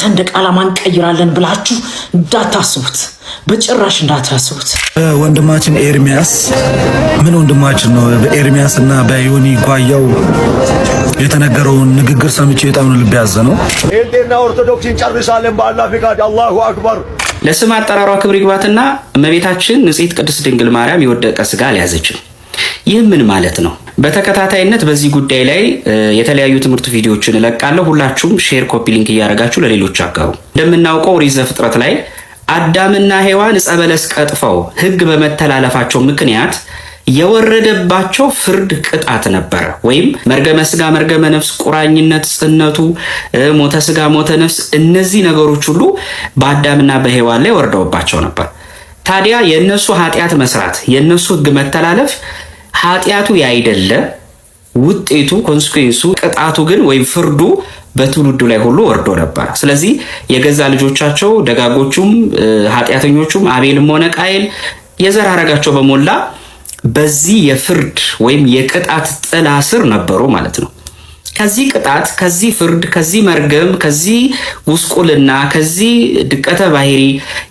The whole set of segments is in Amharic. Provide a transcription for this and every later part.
ሰንደቅ ዓላማ እንቀይራለን ብላችሁ እንዳታስቡት፣ በጭራሽ እንዳታስቡት። ወንድማችን ኤርሚያስ ምን ወንድማችን ነው። በኤርሚያስ እና በዮኒ ጓያው የተነገረውን ንግግር ሰምቼ የጣውን ልብ ያዘ ነው። ጴንጤና ኦርቶዶክስ እንጨርሳለን በአላ ፈቃድ። አላሁ አክበር። ለስም አጠራሯ ክብር ይግባትና እመቤታችን ንጽሕት ቅድስት ድንግል ማርያም የወደቀ ስጋ አልያዘችም። ይህ ምን ማለት ነው? በተከታታይነት በዚህ ጉዳይ ላይ የተለያዩ ትምህርት ቪዲዮዎችን እለቃለሁ። ሁላችሁም ሼር፣ ኮፒ ሊንክ እያደረጋችሁ ለሌሎች አጋሩ። እንደምናውቀው ኦሪት ዘፍጥረት ላይ አዳምና ሔዋን ዕፀ በለስ ቀጥፈው ሕግ በመተላለፋቸው ምክንያት የወረደባቸው ፍርድ ቅጣት ነበረ። ወይም መርገመ ስጋ፣ መርገመ ነፍስ፣ ቁራኝነት፣ ጽነቱ፣ ሞተ ስጋ፣ ሞተ ነፍስ፣ እነዚህ ነገሮች ሁሉ በአዳምና በሔዋን ላይ ወርደውባቸው ነበር። ታዲያ የእነሱ ኃጢአት መስራት፣ የእነሱ ሕግ መተላለፍ ኃጢአቱ ያይደለ ውጤቱ ኮንስኩዌንሱ ቅጣቱ ግን ወይም ፍርዱ በትውልዱ ላይ ሁሉ ወርዶ ነበረ። ስለዚህ የገዛ ልጆቻቸው ደጋጎቹም ኃጢአተኞቹም አቤልም ሆነ ቃየል የዘር ሐረጋቸው በሞላ በዚህ የፍርድ ወይም የቅጣት ጥላ ስር ነበሩ ማለት ነው። ከዚህ ቅጣት፣ ከዚህ ፍርድ፣ ከዚህ መርገም፣ ከዚህ ጉስቁልና፣ ከዚህ ድቀተ ባህሪ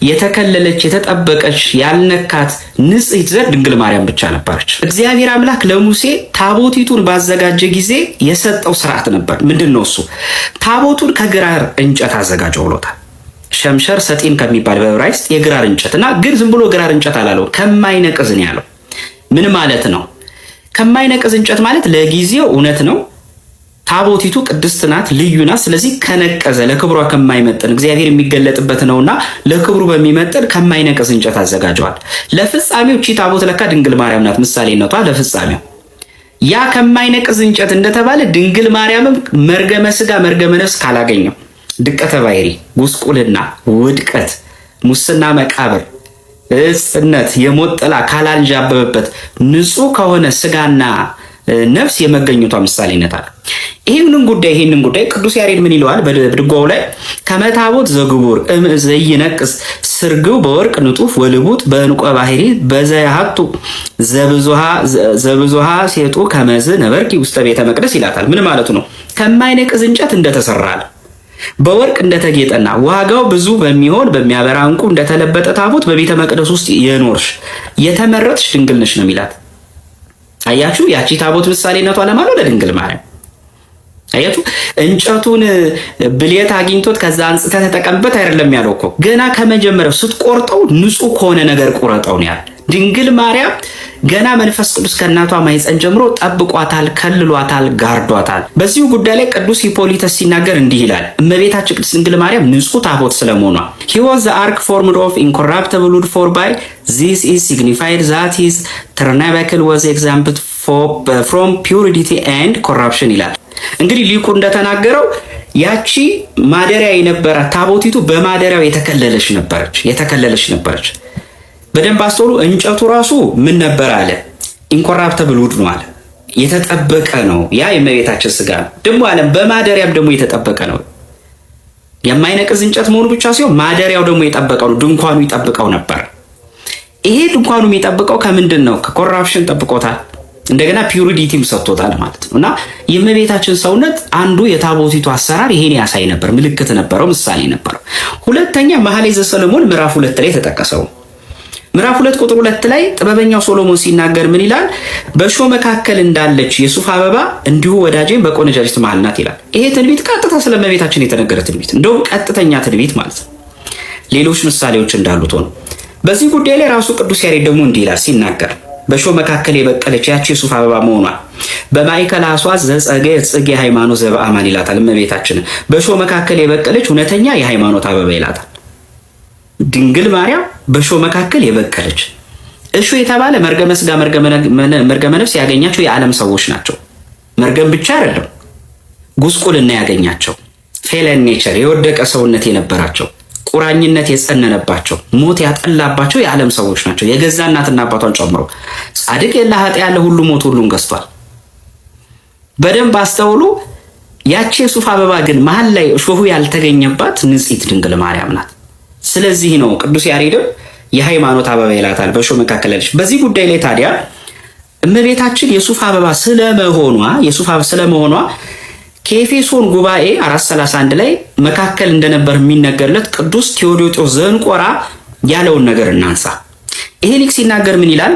የተከለለች የተጠበቀች ያልነካት ንጽሕት ዘር ድንግል ማርያም ብቻ ነበረች። እግዚአብሔር አምላክ ለሙሴ ታቦቲቱን ባዘጋጀ ጊዜ የሰጠው ስርዓት ነበር። ምንድን ነው እሱ? ታቦቱን ከግራር እንጨት አዘጋጀው ብሎታል። ሸምሸር ሰጢን ከሚባል በዕብራይስጥ የግራር እንጨት እና ግን ዝም ብሎ ግራር እንጨት አላለው፣ ከማይነቅዝ ነው ያለው። ምን ማለት ነው? ከማይነቅዝ እንጨት ማለት ለጊዜው እውነት ነው ታቦቲቱ ቅድስት ናት፣ ልዩ ናት። ስለዚህ ከነቀዘ ለክብሯ ከማይመጥን እግዚአብሔር የሚገለጥበት ነውና ለክብሩ በሚመጥን ከማይነቀዝ እንጨት አዘጋጀዋል። ለፍጻሜው ቺ ታቦት ለካ ድንግል ማርያም ናት፣ ምሳሌነቷ ለፍጻሜው ያ ከማይነቅዝ እንጨት እንደተባለ ድንግል ማርያምም መርገመ ስጋ መርገመ ነፍስ ካላገኘው ድቀተ ባይሪ፣ ጉስቁልና፣ ውድቀት፣ ሙስና፣ መቃብር፣ እጽነት፣ የሞት ጥላ ካላንዣበበበት ንጹህ ከሆነ ስጋና ነፍስ የመገኘቷ ምሳሌነት አለ። ይህንን ጉዳይ ይህንን ጉዳይ ቅዱስ ያሬድ ምን ይለዋል? በድጓው ላይ ከመታቦት ዘግቡር ዘይነቅስ ስርግው በወርቅ ንጡፍ ወልቡጥ በእንቆ ባህሪ በዘያሀቱ ዘብዙሃ ሴጡ ከመዝ ነበርኪ ውስተ ቤተ መቅደስ ይላታል። ምን ማለቱ ነው? ከማይነቅስ እንጨት እንደተሰራ በወርቅ እንደተጌጠና ዋጋው ብዙ በሚሆን በሚያበራ እንቁ እንደተለበጠ ታቦት በቤተ መቅደስ ውስጥ የኖርሽ የተመረጥሽ ድንግል ነሽ ነው የሚላት አያችሁ፣ ያቺ ታቦት ምሳሌነቷ ለማለት ለድንግል ማርያም አያችሁ፣ እንጨቱን ብሌት አግኝቶት ከዛ አንጽተ ተጠቀምበት አይደለም ያለው እኮ ገና ከመጀመሪያው ስትቆርጠው ንጹህ ከሆነ ነገር ቁረጠው ነው ያለው። ድንግል ማርያም ገና መንፈስ ቅዱስ ከእናቷ ማይፀን ጀምሮ ጠብቋታል፣ ከልሏታል፣ ጋርዷታል። በዚሁ ጉዳይ ላይ ቅዱስ ሂፖሊተስ ሲናገር እንዲህ ይላል። እመቤታችን ቅድስት ድንግል ማርያም ንጹሕ ታቦት ስለመሆኗ ሂ ዋዝ ዘ አርክ ፎርምድ ኦፍ ኢንኮራፕተብል ውድ ፎር ባይ ዚስ ኢዝ ሲግኒፋይድ ዛት ኢዝ ተርናባክል ወዝ ኤግዛምፕት ፍሮም ፒውሪቲ ኤንድ ኮራፕሽን ይላል። እንግዲህ ሊቁ እንደተናገረው ያቺ ማደሪያ የነበረ ታቦቲቱ በማደሪያው የተከለለች ነበረች የተከለለች ነበረች በደንብ አስተውሉ። እንጨቱ ራሱ ምን ነበር አለ ኢንኮራፕተብል ውድ ነው አለ የተጠበቀ ነው። ያ የእመቤታችን ስጋ ነው ደግሞ አለም በማደሪያም ደግሞ የተጠበቀ ነው። የማይነቅዝ እንጨት መሆኑ ብቻ ሲሆን ማደሪያው ደግሞ የጠበቀ ነው። ድንኳኑ ይጠብቀው ነበር። ይሄ ድንኳኑ የሚጠብቀው ከምንድን ነው? ከኮራፕሽን ጠብቆታል። እንደገና ፒውሪዲቲም ሰጥቶታል ማለት ነው። እና የእመቤታችን ሰውነት አንዱ የታቦቲቱ አሰራር ይሄን ያሳይ ነበር። ምልክት ነበረው፣ ምሳሌ ነበረው። ሁለተኛ መኃልየ ዘሰሎሞን ምዕራፍ ሁለት ላይ ተጠቀሰው ምዕራፍ ሁለት ቁጥር ሁለት ላይ ጥበበኛው ሶሎሞን ሲናገር ምን ይላል? በእሾህ መካከል እንዳለች የሱፍ አበባ እንዲሁ ወዳጄን በቆነጃጅት መሃል ናት ይላል። ይሄ ትንቢት ቀጥታ ስለ የተነገረ ትንቢት፣ እንደውም ቀጥተኛ ትንቢት ማለት ነው። ሌሎች ምሳሌዎች እንዳሉት ሆነ በዚህ ጉዳይ ላይ ራሱ ቅዱስ ያሬድ ደግሞ እንዲህ ይላል ሲናገር በእሾህ መካከል የበቀለች ያቺ የሱፍ አበባ መሆኗ በማይከል አሷ ዘጸገ ጽጌ ሃይማኖት ዘበአማን ይላታል። እመቤታችንን በእሾህ መካከል የበቀለች እውነተኛ የሃይማኖት አበባ ይላታል ድንግል ማርያም በእሾህ መካከል የበቀለች እሾህ የተባለ መርገመ ስጋ መርገመ ነፍስ ያገኛቸው የዓለም ሰዎች ናቸው። መርገም ብቻ አይደለም፣ ጉስቁልና ያገኛቸው ፌለን ኔቸር የወደቀ ሰውነት የነበራቸው ቁራኝነት የጸነነባቸው ሞት ያጠላባቸው የዓለም ሰዎች ናቸው። የገዛ እናትና አባቷን ጨምሮ ጻድቅ የለ ኃጢ ያለ ሁሉ ሞት ሁሉን ገዝቷል። በደንብ አስተውሉ። ያቺ የሱፍ አበባ ግን መሀል ላይ እሾሁ ያልተገኘባት ንጽሕት ድንግል ማርያም ናት። ስለዚህ ነው ቅዱስ ያሬድም የሃይማኖት አበባ ይላታል በእሾህ መካከል ያለች። በዚህ ጉዳይ ላይ ታዲያ እመቤታችን የሱፍ አበባ ስለመሆኗ የሱፍ አበባ ስለመሆኗ ከኤፌሶን ጉባኤ 431 ላይ መካከል እንደነበር የሚነገርለት ቅዱስ ቴዎዶጦስ ዘንቆራ ያለውን ነገር እናንሳ። ይሄ ሊቅ ሲናገር ምን ይላል?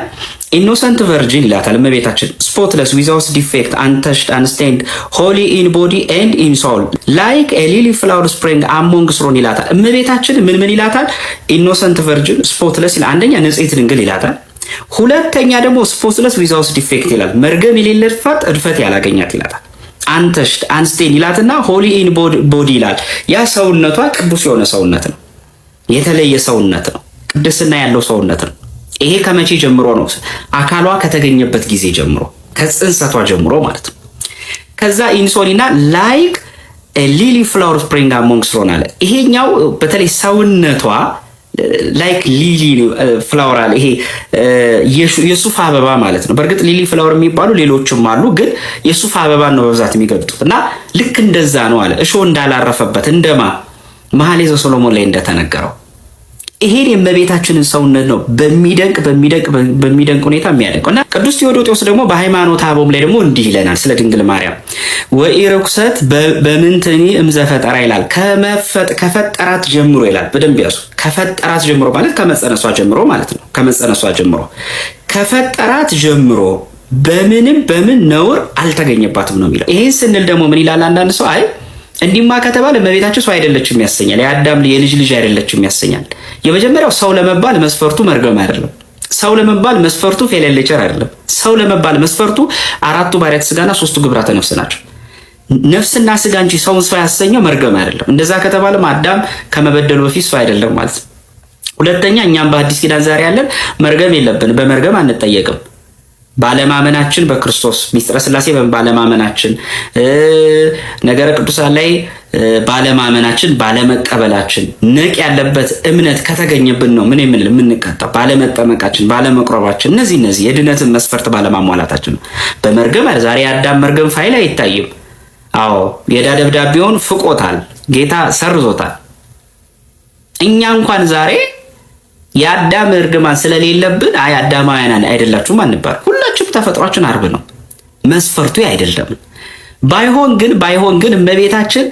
ኢኖሰንት ቨርጂን ይላታል እመቤታችን ስፖትለስ ዊዛውስ ዲፌክት አንተሽ አንስቴንድ ሆሊ ኢን ቦዲ ኤንድ ኢን ሶል ላይክ ኤሊሊ ፍላወር ስፕሪንግ አሞንግ ስሮን ይላታል እመቤታችን ምን ምን ይላታል ኢኖሰንት ቨርጂን ስፖትለስ ይላል አንደኛ ንጽሕት ድንግል ይላታል ሁለተኛ ደግሞ ስፖትለስ ዊዛውስ ዲፌክት ይላል መርገም ድፋት እድፈት ያላገኛት ይላታል አንተሽ አንስቴን ይላትና ሆሊ ኢን ቦዲ ይላል ያ ሰውነቷ ቅዱስ የሆነ ሰውነት ነው የተለየ ሰውነት ነው ቅድስና ያለው ሰውነት ነው ይሄ ከመቼ ጀምሮ ነው? አካሏ ከተገኘበት ጊዜ ጀምሮ ከጽንሰቷ ጀምሮ ማለት ነው። ከዛ ኢንሶሊና ላይክ ሊሊ ፍላወር ስፕሪንግ አሞንግ ስሮን አለ። ይሄኛው በተለይ ሰውነቷ ላይክ ሊሊ ፍላወር አለ። ይሄ የሱፍ አበባ ማለት ነው። በእርግጥ ሊሊ ፍላወር የሚባሉ ሌሎችም አሉ፣ ግን የሱፍ አበባ ነው በብዛት የሚገልጡት እና ልክ እንደዛ ነው አለ እሾ እንዳላረፈበት እንደማ መኃልየ ዘሰሎሞን ላይ እንደተነገረው ይሄን የእመቤታችንን ሰውነት ነው በሚደንቅ በሚደንቅ በሚደንቅ ሁኔታ የሚያደንቀው እና ቅዱስ ቴዎዶጤዎስ ደግሞ በሃይማኖት አበም ላይ ደግሞ እንዲህ ይለናል ስለ ድንግል ማርያም ወኢርኩሰት በምንትኒ እምዘፈጠራ ይላል። ከፈጠራት ጀምሮ ይላል። በደንብ ያዙ። ከፈጠራት ጀምሮ ማለት ከመጸነሷ ጀምሮ ማለት ነው። ከመጸነሷ ጀምሮ ከፈጠራት ጀምሮ በምንም በምን ነውር አልተገኘባትም ነው የሚለው። ይህን ስንል ደግሞ ምን ይላል አንዳንድ ሰው አይ እንዲማ ከተባለ እመቤታችን ሰው አይደለችም ያሰኛል። የአዳም የልጅ ልጅ አይደለችም ያሰኛል። የመጀመሪያው ሰው ለመባል መስፈርቱ መርገም አይደለም። ሰው ለመባል መስፈርቱ ፌለሌቸር አይደለም። ሰው ለመባል መስፈርቱ አራቱ ባህሪያት ስጋና ሶስቱ ግብራተ ነፍስ ናቸው። ነፍስና ስጋ እንጂ ሰውን ሰው ያሰኘው መርገም አይደለም። እንደዛ ከተባለም አዳም ከመበደሉ በፊት ሰው አይደለም ማለት ነው። ሁለተኛ እኛም በአዲስ ኪዳን ዛሬ ያለን መርገም የለብን፣ በመርገም አንጠየቅም። ባለማመናችን በክርስቶስ ሚስጥረ ስላሴ ባለማመናችን፣ ነገረ ቅዱሳን ላይ ባለማመናችን፣ ባለመቀበላችን ንቅ ያለበት እምነት ከተገኘብን ነው ምን የምንል የምንቀጣው፣ ባለመጠመቃችን፣ ባለመቁረባችን እነዚህ እነዚህ የድነትን መስፈርት ባለማሟላታችን ነው። በመርገም ዛሬ አዳም መርገም ፋይል አይታይም። አዎ የዕዳ ደብዳቤውን ፍቆታል፣ ጌታ ሰርዞታል። እኛ እንኳን ዛሬ የአዳም እርግማን ስለሌለብን አይ አዳማውያን አይደላችሁም አንባል። ሁላችሁም ተፈጥሯችን አርብ ነው፣ መስፈርቱ አይደለም። ባይሆን ግን ባይሆን ግን እመቤታችን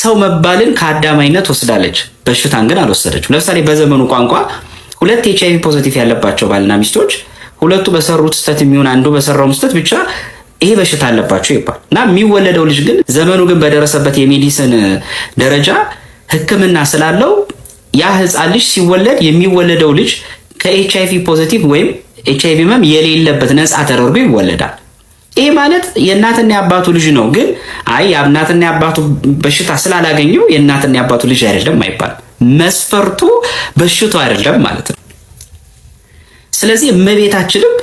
ሰው መባልን ከአዳማይነት ወስዳለች፣ በሽታን ግን አልወሰደችም። ለምሳሌ በዘመኑ ቋንቋ ሁለት ኤች አይቪ ፖዘቲቭ ያለባቸው ባልና ሚስቶች ሁለቱ በሰሩት ስተት የሚሆን አንዱ በሰራው ስተት ብቻ ይሄ በሽታ አለባቸው ይባል እና የሚወለደው ልጅ ግን ዘመኑ ግን በደረሰበት የሜዲሲን ደረጃ ሕክምና ስላለው ያ ህፃን ልጅ ሲወለድ የሚወለደው ልጅ ከኤች አይቪ ፖዚቲቭ ወይም ኤች አይቪ የሌለበት ነፃ ተደርጎ ይወለዳል። ይህ ማለት የእናትና የአባቱ ልጅ ነው፣ ግን አይ የእናትና የአባቱ በሽታ ስላላገኘው የእናትና የአባቱ ልጅ አይደለም አይባል። መስፈርቱ በሽቱ አይደለም ማለት ነው። ስለዚህ እመቤታችንም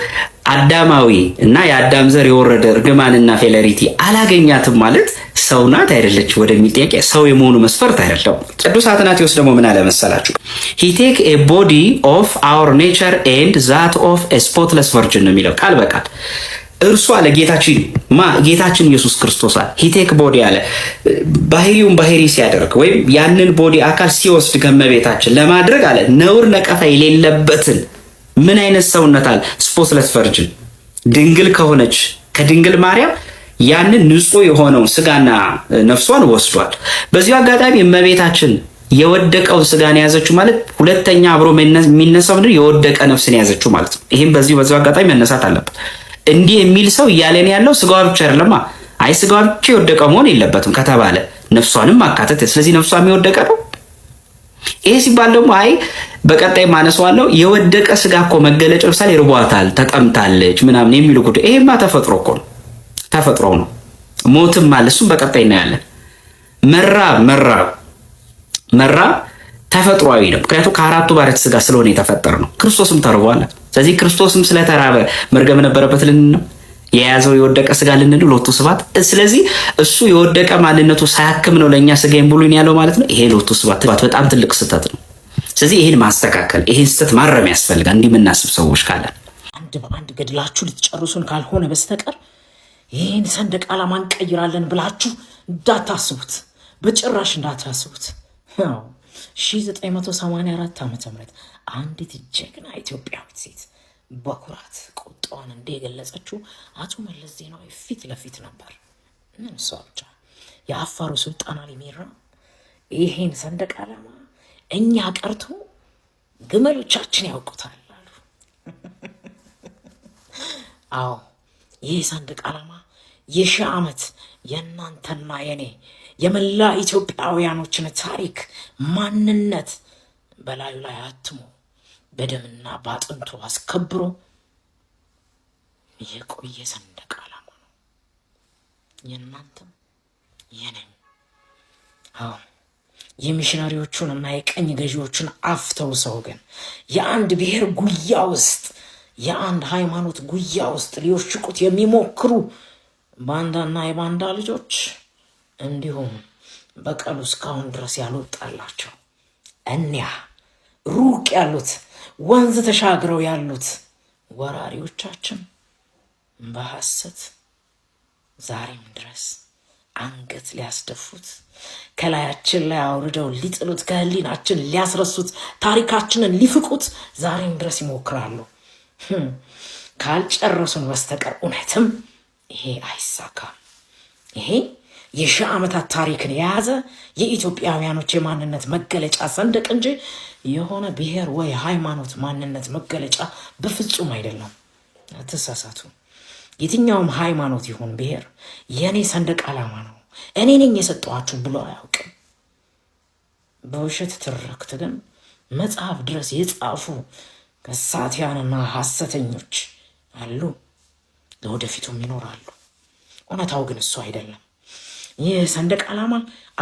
አዳማዊ እና የአዳም ዘር የወረደ እርግማንና ፌለሪቲ አላገኛትም ማለት ሰው ናት አይደለች ወደሚል ጥያቄ ሰው የመሆኑ መስፈርት አይደለም። ቅዱስ አትናቴዎስ ደግሞ ምን አለ መሰላችሁ? ሂ ቴክ ኤ ቦዲ ኦፍ አወር ኔቸር ኤንድ ዛት ኦፍ ስፖትለስ ቨርጅን ነው የሚለው ቃል በቃል እርሱ አለ ጌታችን ማ ጌታችን ኢየሱስ ክርስቶስ አለ ሂቴክ ቦዲ አለ ባህሪውን ባህሪ ሲያደርግ ወይም ያንን ቦዲ አካል ሲወስድ ከመቤታችን ለማድረግ አለ ነውር ነቀፋ የሌለበትን ምን አይነት ሰውነት አለ ስፖትለስ ቨርጅን ድንግል ከሆነች ከድንግል ማርያም ያንን ንጹህ የሆነውን ስጋና ነፍሷን ወስዷል። በዚሁ አጋጣሚ እመቤታችን የወደቀውን ስጋን የያዘችው ማለት ሁለተኛ አብሮ የሚነሳው ምንድን የወደቀ ነፍስን የያዘችው ማለት ነው። ይህም በዚሁ በዚሁ አጋጣሚ መነሳት አለበት። እንዲህ የሚል ሰው እያለን ያለው ስጋዋ ብቻ አይደለማ። አይ ስጋዋ ብቻ የወደቀ መሆን የለበትም ከተባለ ነፍሷንም አካተት። ስለዚህ ነፍሷ የወደቀ ነው። ይሄ ሲባል ደግሞ አይ በቀጣይ ማነሰዋለው የወደቀ ስጋ እኮ መገለጫ፣ ለምሳሌ ርቧታል፣ ተጠምታለች፣ ምናምን የሚሉ ጉዳይ ይሄማ ተፈጥሮ እኮ ነው። ተፈጥሮ ነው። ሞትም አለ፣ እሱም በቀጣይ እናያለን። መራብ መራብ መራብ ተፈጥሯዊ ነው። ምክንያቱም ከአራቱ ባሕርያተ ስጋ ስለሆነ የተፈጠረ ነው። ክርስቶስም ተርቧል። ስለዚህ ክርስቶስም ስለተራበ መርገም ነበረበት ልንል ነው የያዘው የወደቀ ስጋ ልንል ሎቱ ስባት። ስለዚህ እሱ የወደቀ ማንነቱ ሳያክም ነው ለእኛ ስጋዬን ብሉኝ ያለው ማለት ነው። ይሄ ሎቱ ስባት በጣም ትልቅ ስህተት ነው። ስለዚህ ይህን ማስተካከል ይህን ስህተት ማረም ያስፈልጋል። እንዲህ የምናስብ ሰዎች ካለን አንድ በአንድ ገድላችሁ ልትጨርሱን ካልሆነ በስተቀር ይህን ሰንደቅ ዓላማ እንቀይራለን ብላችሁ እንዳታስቡት፣ በጭራሽ እንዳታስቡት። 1984 ዓ ም አንዲት ጀግና ኢትዮጵያዊት ሴት በኩራት ቁጣዋን እንደ የገለጸችው አቶ መለስ ዜናዊ ፊት ለፊት ነበር። ምን እሷ ብቻ የአፋሩ ሱልጣን አሊ ሚራ ይሄን ሰንደቅ ዓላማ እኛ ቀርቶ ግመሎቻችን ያውቁታል አሉ። አዎ ይህ ሰንደቅ ዓላማ የሺህ ዓመት የእናንተና የኔ የመላ ኢትዮጵያውያኖችን ታሪክ ማንነት በላዩ ላይ አትሞ በደምና በአጥንቱ አስከብሮ የቆየ ሰንደቅ ዓላማ ነው። የእናንተም የኔም። አዎ የሚሽነሪዎቹን እና የቀኝ ገዢዎቹን አፍተው ሰው ግን የአንድ ብሔር ጉያ ውስጥ የአንድ ሃይማኖት ጉያ ውስጥ ሊወሽቁት የሚሞክሩ ባንዳና የባንዳ ልጆች እንዲሁም በቀሉ እስካሁን ድረስ ያልወጣላቸው እኒያ ሩቅ ያሉት ወንዝ ተሻግረው ያሉት ወራሪዎቻችን በሐሰት ዛሬም ድረስ አንገት ሊያስደፉት ከላያችን ላይ አውርደው ሊጥሉት ከህሊናችን ሊያስረሱት ታሪካችንን ሊፍቁት ዛሬም ድረስ ይሞክራሉ። Hm. ካልጨረሱን በስተቀር እውነትም ይሄ አይሳካም። ይሄ የሺህ ዓመታት ታሪክን የያዘ የኢትዮጵያውያኖች የማንነት መገለጫ ሰንደቅ እንጂ የሆነ ብሔር ወይ ሃይማኖት ማንነት መገለጫ በፍጹም አይደለም። አትሳሳቱ። የትኛውም ሃይማኖት ይሁን ብሔር የእኔ ሰንደቅ ዓላማ ነው፣ እኔ ነኝ የሰጠኋችሁ ብሎ አያውቅም። በውሸት ትርክት ግን መጽሐፍ ድረስ የጻፉ ከሳቲያንና ሐሰተኞች አሉ፣ ለወደፊቱም ይኖራሉ። እውነታው ግን እሱ አይደለም። ይህ ሰንደቅ ዓላማ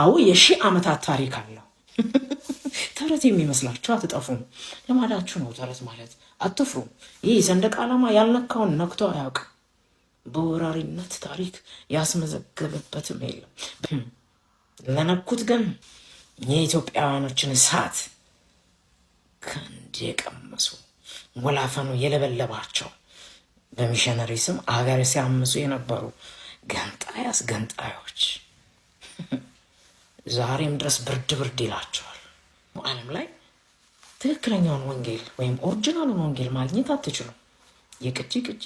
አዎ የሺህ ዓመታት ታሪክ አለው። ተረት የሚመስላችሁ አትጠፉም። ልማዳችሁ ነው ተረት ማለት። አትፍሩ። ይህ ሰንደቅ ዓላማ ያልነካውን ነክቶ አያውቅም። በወራሪነት ታሪክ ያስመዘገበበትም የለም። ለነኩት ግን የኢትዮጵያውያኖችን እሳት ከእንዲ የቀመሱ ወላፈኑ የለበለባቸው በሚሽነሪ ስም አገር ሲያምፁ የነበሩ ገንጣያስ ገንጣዮች ዛሬም ድረስ ብርድ ብርድ ይላቸዋል። አለም ላይ ትክክለኛውን ወንጌል ወይም ኦሪጂናሉን ወንጌል ማግኘት አትችሉም። የቅጂ ቅጂ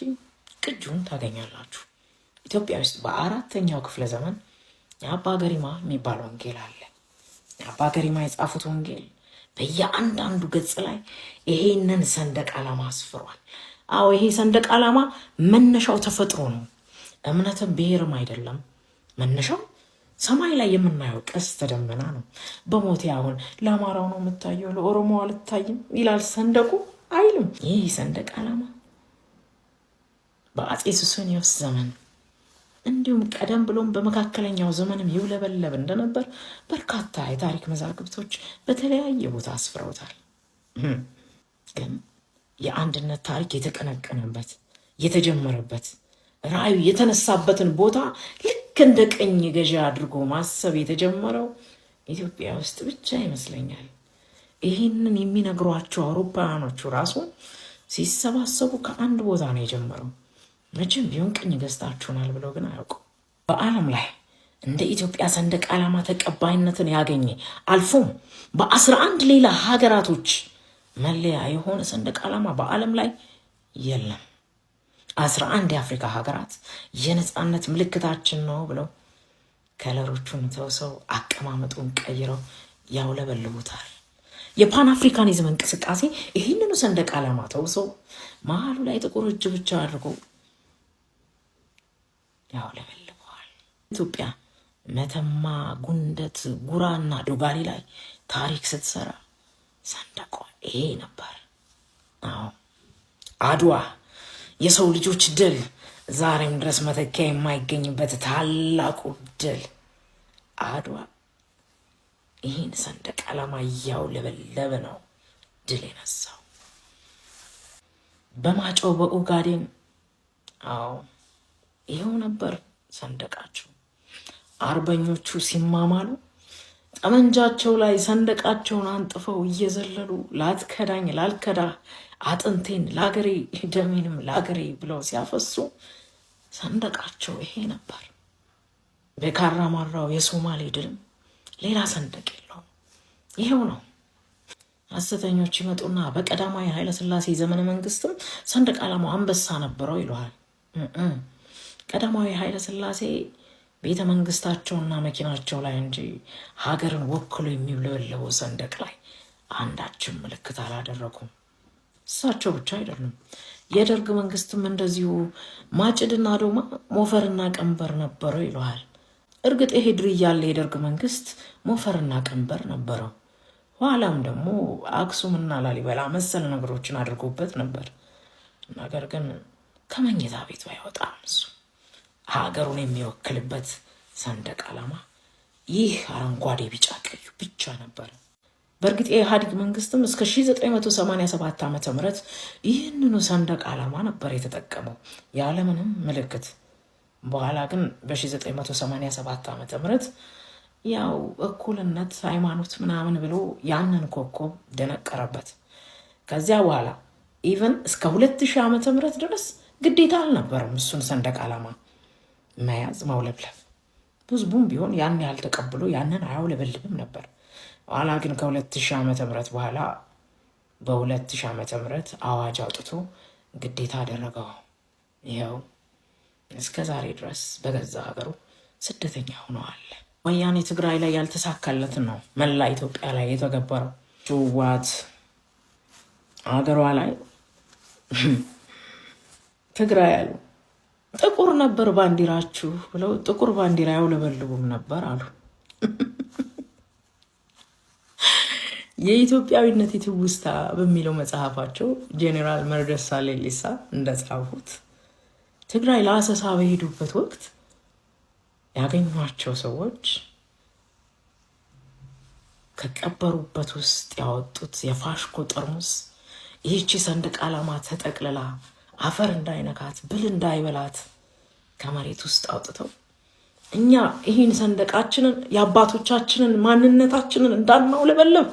ቅጁን ታገኛላችሁ። ኢትዮጵያ ውስጥ በአራተኛው ክፍለ ዘመን የአባ ገሪማ የሚባል ወንጌል አለ። የአባ ገሪማ የጻፉት ወንጌል በየአንዳንዱ ገጽ ላይ ይሄንን ሰንደቅ ዓላማ አስፍሯል። አዎ ይሄ ሰንደቅ ዓላማ መነሻው ተፈጥሮ ነው፣ እምነትም ብሔርም አይደለም። መነሻው ሰማይ ላይ የምናየው ቀስተ ደመና ነው። በሞቴ አሁን ለአማራው ነው የምታየው፣ ለኦሮሞ አልታይም ይላል ሰንደቁ አይልም። ይህ ሰንደቅ ዓላማ በአፄ ሱስንዮስ ዘመን እንዲሁም ቀደም ብሎም በመካከለኛው ዘመንም ይውለበለብ እንደነበር በርካታ የታሪክ መዛግብቶች በተለያየ ቦታ አስፍረውታል። ግን የአንድነት ታሪክ የተቀነቀነበት የተጀመረበት ራዕዩ የተነሳበትን ቦታ ልክ እንደ ቅኝ ገዢ አድርጎ ማሰብ የተጀመረው ኢትዮጵያ ውስጥ ብቻ ይመስለኛል። ይህንን የሚነግሯቸው አውሮፓውያኖቹ ራሱ ሲሰባሰቡ ከአንድ ቦታ ነው የጀመረው። መቼም ቢሆን ቅኝ ገዝታችሁናል ብለው ግን አያውቁም። በዓለም ላይ እንደ ኢትዮጵያ ሰንደቅ ዓላማ ተቀባይነትን ያገኘ አልፎም በአስራ አንድ ሌላ ሀገራቶች መለያ የሆነ ሰንደቅ ዓላማ በዓለም ላይ የለም። አስራ አንድ የአፍሪካ ሀገራት የነፃነት ምልክታችን ነው ብለው ከለሮቹን ተውሰው አቀማመጡን ቀይረው ያውለበልቡታል። የፓን አፍሪካኒዝም እንቅስቃሴ ይህንኑ ሰንደቅ ዓላማ ተውሰው መሀሉ ላይ ጥቁር እጅ ብቻ አድርጎ ያውለበልበዋል። ኢትዮጵያ መተማ፣ ጉንደት፣ ጉራና ዶጋሊ ላይ ታሪክ ስትሰራ ሰንደቋ ይሄ ነበር። አዎ አድዋ የሰው ልጆች ድል ዛሬም ድረስ መተኪያ የማይገኝበት ታላቁ ድል አድዋ ይህን ሰንደቅ ዓላማ እያውለበለበ ነው ድል የነሳው በማጮው በኡጋዴን አዎ ይኸው ነበር ሰንደቃቸው። አርበኞቹ ሲማማሉ ጠመንጃቸው ላይ ሰንደቃቸውን አንጥፈው እየዘለሉ ላትከዳኝ ላልከዳህ አጥንቴን ላገሬ ደሜንም ላገሬ ብለው ሲያፈሱ ሰንደቃቸው ይሄ ነበር። በካራ ማራው የሶማሌ ድልም ሌላ ሰንደቅ የለውም፣ ይሄው ነው። ሐሰተኞች ይመጡና በቀዳማዊ ኃይለስላሴ ዘመነ መንግስትም ሰንደቅ ዓላማው አንበሳ ነበረው ይለዋል። ቀዳማዊ ኃይለ ሥላሴ ቤተ መንግስታቸውና መኪናቸው ላይ እንጂ ሀገርን ወክሎ የሚውለበለበ ሰንደቅ ላይ አንዳችም ምልክት አላደረጉም። እሳቸው ብቻ አይደሉም፣ የደርግ መንግስትም እንደዚሁ ማጭድና ዶማ ሞፈርና ቀንበር ነበረው ይለዋል። እርግጥ ይሄ ድር እያለ የደርግ መንግስት ሞፈርና ቀንበር ነበረው። ኋላም ደግሞ አክሱምና ላሊበላ መሰል ነገሮችን አድርጎበት ነበር። ነገር ግን ከመኝታ ቤቱ አይወጣም እሱ ሀገሩን የሚወክልበት ሰንደቅ ዓላማ ይህ አረንጓዴ፣ ቢጫ ቀዩ ብቻ ነበረ። በእርግጥ የኢህአዴግ መንግስትም እስከ 1987 ዓ ም ይህንኑ ሰንደቅ ዓላማ ነበር የተጠቀመው ያለምንም ምልክት። በኋላ ግን በ1987 ዓ ም ያው እኩልነት፣ ሃይማኖት ምናምን ብሎ ያንን ኮከብ ደነቀረበት። ከዚያ በኋላ ኢቨን እስከ 2000 ዓ ም ድረስ ግዴታ አልነበረም እሱን ሰንደቅ ዓላማ መያዝ ማውለብለብ። ህዝቡም ቢሆን ያን ያህል ተቀብሎ ያንን አያውለበልብም ነበር። ኋላ ግን ከሁለት ሺህ ዓመተ ምህረት በኋላ በሁለት ሺህ ዓመተ ምህረት አዋጅ አውጥቶ ግዴታ አደረገው። ይኸው እስከ ዛሬ ድረስ በገዛ ሀገሩ ስደተኛ ሆነዋል። ወያኔ ትግራይ ላይ ያልተሳካለትን ነው መላ ኢትዮጵያ ላይ የተገበረው። ጭዋት ሀገሯ ላይ ትግራይ አሉ ጥቁር ነበር ባንዲራችሁ ብለው ጥቁር ባንዲራ ያውለበልቡም ነበር አሉ። የኢትዮጵያዊነት የትውስታ በሚለው መጽሐፋቸው ጄኔራል መርደሳ ሌሊሳ እንደጻፉት ትግራይ ለአሰሳ በሄዱበት ወቅት ያገኟቸው ሰዎች ከቀበሩበት ውስጥ ያወጡት የፋሽኮ ጠርሙስ ይህቺ ሰንደቅ ዓላማ ተጠቅልላ አፈር እንዳይነካት ብል እንዳይበላት ከመሬት ውስጥ አውጥተው እኛ ይህን ሰንደቃችንን የአባቶቻችንን ማንነታችንን እንዳናውለበለብ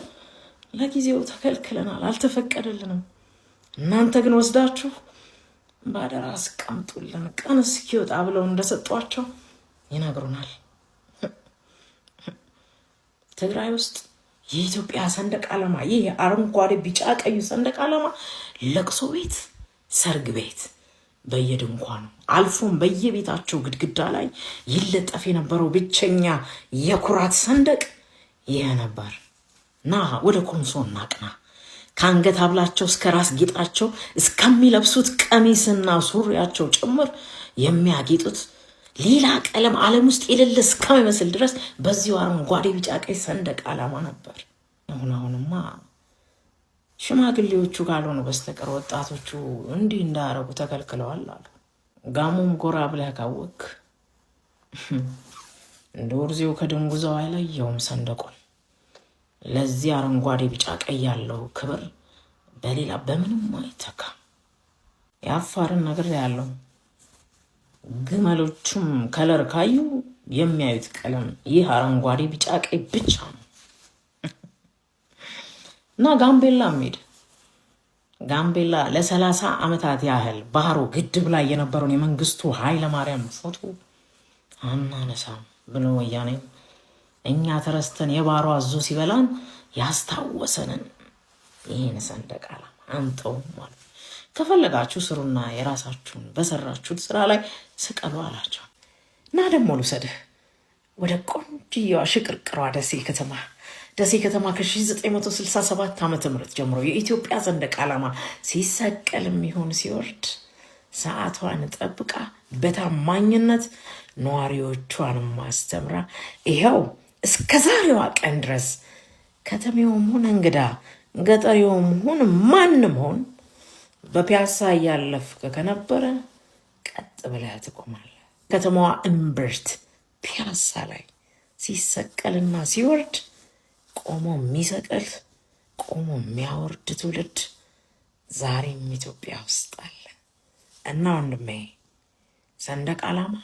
ለጊዜው ተከልክለናል፣ አልተፈቀደልንም። እናንተ ግን ወስዳችሁ ባደራ አስቀምጡልን ቀን እስኪወጣ ብለው እንደሰጧቸው ይነግሩናል። ትግራይ ውስጥ የኢትዮጵያ ሰንደቅ ዓላማ ይህ የአረንጓዴ ቢጫ ቀዩ ሰንደቅ ዓላማ ለቅሶ ቤት ሰርግ ቤት በየድንኳኑ አልፎም በየቤታቸው ግድግዳ ላይ ይለጠፍ የነበረው ብቸኛ የኩራት ሰንደቅ ይህ ነበር። ና ወደ ኮንሶ እናቅና። ከአንገት ሀብላቸው እስከ ራስ ጌጣቸው እስከሚለብሱት ቀሚስና ሱሪያቸው ጭምር የሚያጌጡት ሌላ ቀለም ዓለም ውስጥ የሌለ እስከሚመስል ድረስ በዚሁ አረንጓዴ፣ ቢጫ፣ ቀይ ሰንደቅ ዓላማ ነበር። አሁን አሁንማ ሽማግሌዎቹ ካልሆኑ በስተቀር ወጣቶቹ እንዲህ እንዳረጉ ተከልክለዋል አሉ። ጋሙም ጎራ ብለህ ካወቅ እንደ ወርዜው ከደንጉዛው አይለየውም ሰንደቁን። ለዚህ አረንጓዴ፣ ቢጫ፣ ቀይ ያለው ክብር በሌላ በምንም አይተካ። የአፋርን ነገር ያለው ግመሎቹም ከለር ካዩ የሚያዩት ቀለም ይህ አረንጓዴ፣ ቢጫ፣ ቀይ ብቻ ነው። እና ጋምቤላ ሚሄድ ጋምቤላ ለሰላሳ ዓመታት ያህል ባህሩ ግድብ ላይ የነበረውን የመንግስቱ ኃይለማርያም ፎቶ አናነሳም ብሎ ወያኔ እኛ ተረስተን የባሮ አዞ ሲበላን ያስታወሰንን ይህን ሰንደቅ ዓላማ አንጠውም ማለት ከፈለጋችሁ ስሩና የራሳችሁን በሰራችሁት ስራ ላይ ስቀሉ አላቸው እና ደግሞ ልውሰድህ ወደ ቆንጅየዋ ሽቅርቅሯ ደሴ ከተማ ደሴ ከተማ ከ967 ዓ ም ጀምሮ የኢትዮጵያ ሰንደቅ ዓላማ ሲሰቀል የሚሆን ሲወርድ ሰዓቷን ጠብቃ በታማኝነት ነዋሪዎቿን ማስተምራ ይኸው እስከ ዛሬዋ ቀን ድረስ ከተሜውም ሁን እንግዳ ገጠሬውም ሁን ማንም ሆን በፒያሳ እያለፍክ ከነበረ ቀጥ ብለህ ትቆማለህ። ከተማዋ እምብርት ፒያሳ ላይ ሲሰቀልና ሲወርድ ቆሞ የሚሰቅል ቆሞ የሚያወርድ ትውልድ ዛሬም ኢትዮጵያ ውስጥ አለ እና ወንድሜ ሰንደቅ ዓላማ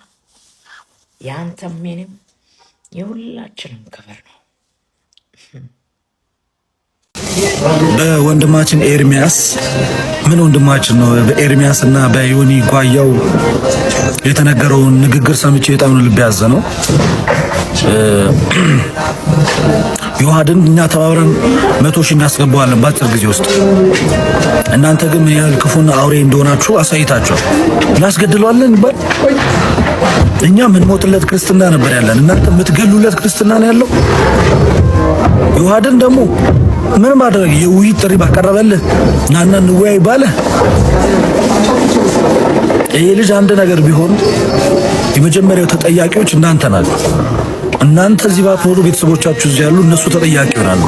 የአንተም የኔም የሁላችንም ክብር ነው። በወንድማችን ኤርሚያስ ምን ወንድማችን ነው። በኤርሚያስ እና በዮኒ ጓያው የተነገረውን ንግግር ሰምቼ በጣም ልብ ያዘ ነው። ዮሐድን እኛ ተባብረን መቶ ሺህ እናስገባዋለን በአጭር ጊዜ ውስጥ። እናንተ ግን ምን ያህል ክፉና አውሬ እንደሆናችሁ አሳይታችኋል። እናስገድለዋለን ይባል። እኛ ሞትለት ክርስትና ነበር ያለን፣ እናንተ የምትገሉለት ክርስትና ነው ያለው። ዮሐድን ደግሞ ምን ማድረግ የውይይት ጥሪ ባቀረበልህ ናና እንወያይ ባለ ይህ ልጅ አንድ ነገር ቢሆን የመጀመሪያው ተጠያቂዎች እናንተ ናቸው። እናንተ እዚህ ባትኖሩ ቤተሰቦቻችሁ እዚህ ያሉ እነሱ ተጠያቂ ይሆናሉ።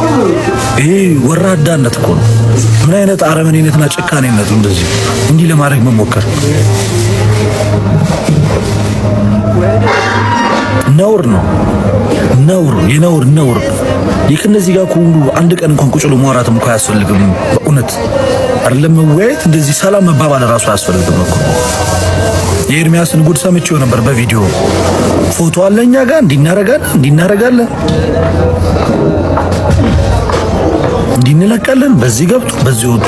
ይሄ ወራዳነት እኮ ነው። ምን አይነት አረመኔነትና ጭካኔነት ነው! እንደዚህ እንዲህ ለማድረግ መሞከር ነውር ነው። ነውር የነውር ነውር። ይህ ከነዚህ ጋር ሁሉ አንድ ቀን እንኳን ቁጭ ብሎ ማውራት እንኳን አያስፈልግም። በእውነት አይደለም መወያየት፣ እንደዚህ ሰላም መባባል ራሱ አያስፈልግም እኮ የኤርሚያስን ጉድ ሰምቼው ነበር በቪዲዮ ፎቶ አለ እኛ ጋር እንዲናረጋለን እንዲናረጋለን እንዲንለቀልን በዚህ ገብቶ በዚህ ወጡ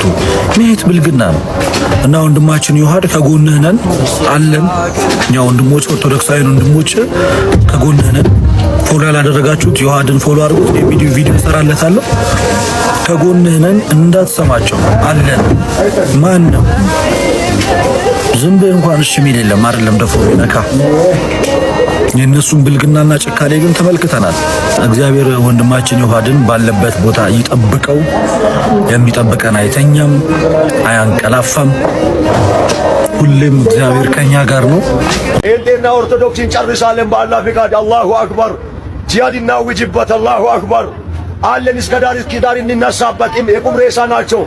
መሄድ ብልግና ነው። እና ወንድማችን ዮሐድ ከጎንህ ነን አለን። እኛ ወንድሞች ኦርቶዶክሳዊን ወንድሞች ከጎንህ ነን። ፎሎ ያላደረጋችሁት ዮሐድን ፎሎ አድርጉት። የቪዲዮ ቪዲዮ እሰራለታለሁ ከጎንህ ነን እንዳትሰማቸው አለን። ማን ነው ዝም ብለህ እንኳን እሺ የሚል የለም አይደለም ደፎ ነካ የእነሱን ብልግናና ጭካኔ ግን ተመልክተናል። እግዚአብሔር ወንድማችን ዮሐድን ባለበት ቦታ ይጠብቀው። የሚጠብቀን አይተኛም፣ አያንቀላፋም። ሁሌም እግዚአብሔር ከኛ ጋር ነው። ጴንጤና ኦርቶዶክስ እንጨርሳለን። በአላህ ፍቃድ። አላሁ አክበር። ጂሃድ እናውጅበት። አላሁ አክበር አለን። እስከ ዳር እስኪ ዳር እንነሳበት። የቁም ሬሳ ናቸው።